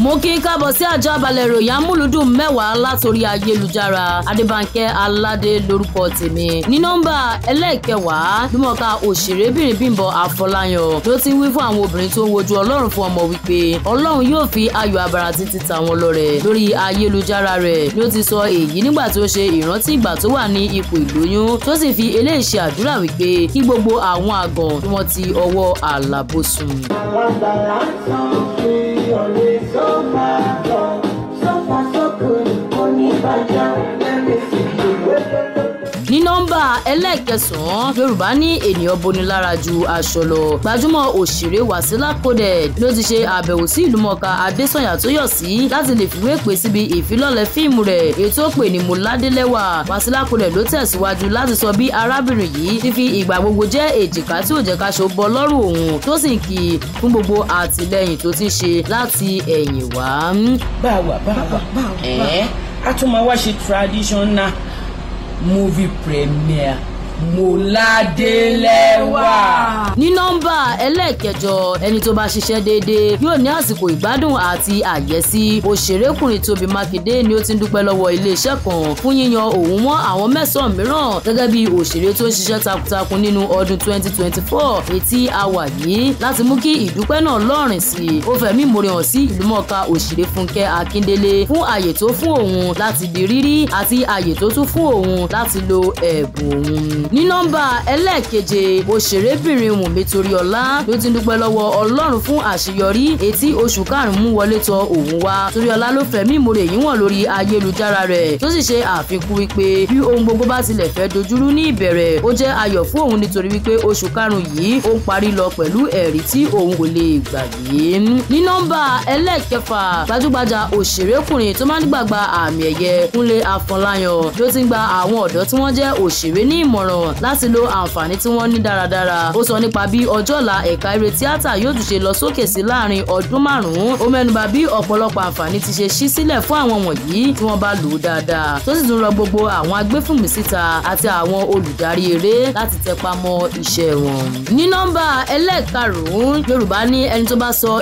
mo kí n kábọ̀ sí àjọ abalẹ̀ ìròyìn amúlùdùn mẹ́wàá látòrí ayélujára adébánkẹ́ aládé lórúkọ tèmi ní nọ́mbà ẹlẹ́ẹ̀kẹwàá bímọ̀ká òṣèrébìnrin bímbọ àfọláyàn ló ti wí fún àwọn obìnrin tó ń wojú ọlọ́run fún ọmọ wípé ọlọ́run yóò fi ayọ̀ abara títí tàwọn lọ́rẹ lórí ayélujára rẹ̀ ló ti sọ èyí nígbà tó ṣe ìrántí ìgbà tó wà ní ipò ìlóyún tó sì fi eléyìí àdúrà wípé kí gbogbo àwọn àgàn tí wọ́n ti ọwọ́ àlàbò sùn. àgbàlagbà sàn fi ọ̀lẹ́ sọ́ọ̀. so far, so good, only by ní nọ́mbà ẹlẹ́ẹ̀kẹsàn-án yorùbá ní ènìyàn bonilára ju aṣọ lọ gbajúmọ̀ òṣèré wàsílà coded ló ti ṣe àbẹ̀wò sí ìlúmọ̀ọ́ká adésànyà tó yọ̀ sí láti lè fiwé pè síbi ìfilọ́lẹ̀ fíìmù rẹ̀ ètò pè ní múládélẹ́wà wàsílà coded ló tẹ̀síwájú láti sọ bí arábìnrin yìí ti fi ìgbà gbogbo jẹ́ èjìká tí ò jẹ́ ká ṣo bọ́ lọ́rùn òun tó sì ń kì traditional Movie Premiere. Mọ̀ládélẹ́wà. ní nọ́mbà ẹlẹ́ẹ̀kẹjọ ẹni tó bá ṣiṣẹ́ déédéé yóò ní àsìkò ìgbádùn àti àyẹ́sí òṣèrékùnrin Tóbi Mákindé ni ó ti ń dúpẹ́ lọ́wọ́ iléeṣẹ́ kan fún yíyan òun mọ́ àwọn mẹ́sàn-án mìíràn gẹ́gẹ́ bí òṣèré tó ń ṣiṣẹ́ takuntakun nínú ọdún 2024 etí a wà yìí láti mú kí ìdúpẹ́ náà lọ́rìn sí i ó fẹ̀mí ìmoore hàn sí ìlúmọ̀ọ́ká òṣèré Fúnkẹ́ Akíndélé fún àyè tó fún òun láti di rírí àti àyè tó tún fún òun láti lo ẹ̀bùn òun ní nọ́mbà ẹlẹ́ẹ̀keje òṣèrébìnrin wùnmi toríọlá ló ti ń dúpẹ́ lọ́wọ́ ọlọ́run fún àṣeyọrí etí oṣù karùn-ún wọlé tọ òun wá toríọlá ló fẹ̀mí ìmoore yìí wọ̀n lórí ayélujára rẹ̀ tó sì ṣe àfikún wípé bí ohun gbogbo bá tilẹ̀ fẹ́ dojúrú ní ìbẹ̀rẹ̀ ó jẹ́ ayọ̀ fún òun nítorí wípé oṣù karùn-ún yìí ó ń parí lọ pẹ̀lú ẹ̀rí tí òun kò lè gbàgbé ní nọ́mbà lọ́nà láti lo àǹfààní tí wọ́n ní dáradára. ó sọ nípa bí ọjọ́ ọ̀la ẹ̀ka eré tíátà yóò tún ṣe lọ sókè sí láàrin ọdún márùn-ún ó mẹ́nuba bí ọ̀pọ̀lọpọ̀ àǹfààní ti ṣe ṣí sílẹ̀ fún àwọn wọ̀nyí tí wọ́n bá lò ó dáadáa tó sì tún rọ gbogbo àwọn agbẹ́fùnmí síta àti àwọn olùdarí eré láti tẹpa mọ́ iṣẹ́ wọn. ní nọ́mbà ẹlẹ́ẹ̀karùn-ún yorùbá ní ẹni tó bá sọ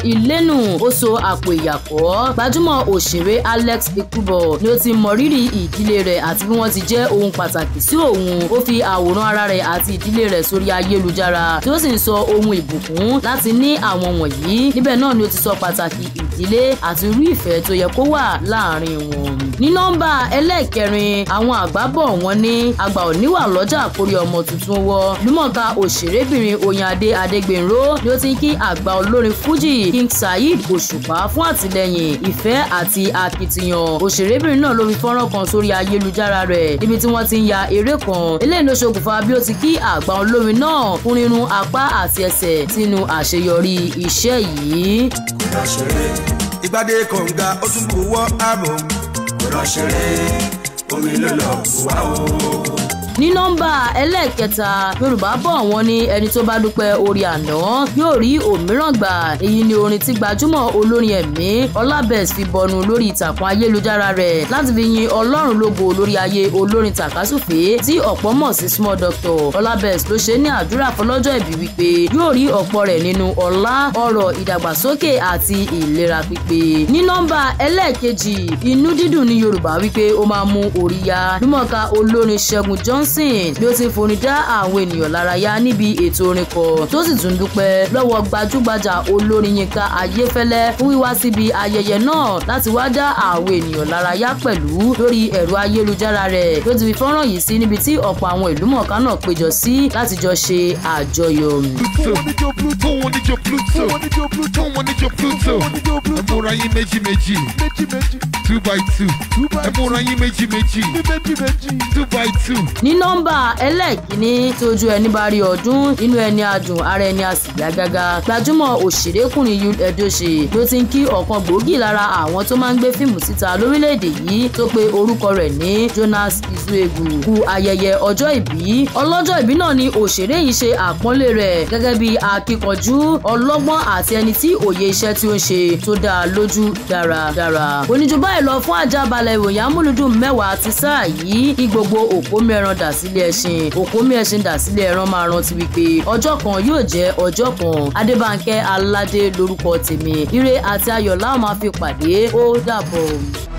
Alex Ikubo ni ó ti mọrírì ìdílé rẹ̀ àti bí wọ́n ti jẹ́ àwòrán ara rẹ̀ àti ìdílé rẹ̀ sórí ayélujára tí ó sì ń sọ ohun ìbùkún láti ní àwọn wọ̀nyí níbẹ̀ náà ni ó ti sọ pàtàkì ìdílé àti irú ìfẹ́ tó yẹ kó wà láàrin wọn. ní nọ́mbà ẹlẹ́ẹ̀kẹrin àwọn àgbà bọ̀ wọ́n ní àgbà ò níwà lọ́jà kórí ọmọ tuntun wọ lúmọ̀ọ́ká òṣèrébìnrin oyinadé adégbènró ni ó ti ń kí àgbà olórin fuji king saheed òṣùpá fún àtìlẹ́yìn ìfẹ́ àti akitiyan òṣèrébìnrin náà ló fi fọ́nrán kan sórí ayélujára rẹ̀ níbi tí wọ́n ti ń ya eré kan eléyìí ló ṣokùn ti bí ó ti kí àgbà olórin náà fún rírun apá àti ẹsẹ̀ sínú àṣeyọrí iṣẹ́ yìí. ìgbàdé kọ̀ǹga ó tún kó wọ́ kò lọ́ọ́ ṣeré omi ló lọ́ọ́ wá o ní nọ́mbà ẹlẹ́ẹ̀kẹta yorùbá bọ̀ wọ́n ní ẹni tó bá dúpẹ́ orí àná yóò rí òmíràn gbà èyí ni orin tí gbajúmọ̀ olórin ẹ̀mí ọlábẹ̀s fi bọnu lórí ìtàkùn ayélujára rẹ̀ láti fi yin ọlọ́run lógo lórí ayé olórin tàkásùfé tí ọ̀pọ̀ mọ̀ sí small doctor ọlábẹ̀s ló ṣe ní àdúrà fọlọ́jọ́ ìbí wípé yóò rí ọ̀pọ̀ rẹ̀ nínú ọlá ọrọ̀ ìdàgbàsókè àti ìlera pípé ní nọ́mbà ẹlẹ́ẹ̀kejì inú dídùn ní yorùbá wípé ó máa mú orí yá mímọ̀ọ́ká olórin ṣẹ́gun johnson bí ó ti ń forin dá àwọn ènìyàn lárayá níbi ètò orin kan tó sì tún dúpẹ́ lọ́wọ́ gbajúgbajà olórin Yínká Ayéfẹ́lẹ́ fún wíwá síbi ayẹyẹ náà láti wá dá àwọn ènìyàn lárayá pẹ̀lú lórí ẹ̀rọ ayélujára rẹ̀ ló ti fi fọ́nrán yìí sí níbi tí ọ̀pọ̀ àwọn ìlú mọ̀ọ́ká náà péjọ sí láti jọ ṣe àjọyọ̀. ẹ múra yín méjì méjì two by two ẹ múra yín méjì méjì two by two. ní nọ́mbà ẹlẹ́ ẹlẹ́ẹ̀kíní tí ojú ẹni bá rí ọdún inú ẹni adùn ara ẹni a sì yá gbajúmọ̀ òṣèrékùnrin Yul Edochie ló ti ń kí ọ̀kan gbòógì lára àwọn tó máa ń gbé fíìmù síta lórílẹ̀‐èdè yìí tó pe orúkọ rẹ̀ ní Jonas Izuegu kú ayẹyẹ ọjọ́ ìbí ọlọ́jọ́ ìbí náà ni òṣèré yìí ṣe àpọ́nlé rẹ̀ gẹ́gẹ́ bí akíkanjú ọlọ́gbọ́n àti ẹni tí òye iṣẹ́ tí ó ń ṣe tó dáa lójú dáradára oníjú báyìí lọ fún àjábalẹ̀ ìròyìn amúlùdùn mẹ́wàá ti sáà yìí kí gbogbo òpó mẹ́ran dà sílé ẹṣin mi ẹ̀sìn dàsílẹ̀ ẹran máa rántí wípé ọjọ́ kan yóò jẹ́ ọjọ́ kan adébánkẹ́ aládé lórúkọ tèmi ire àti ayọ̀ láwọn máa fi pàdé ó dàbọ̀.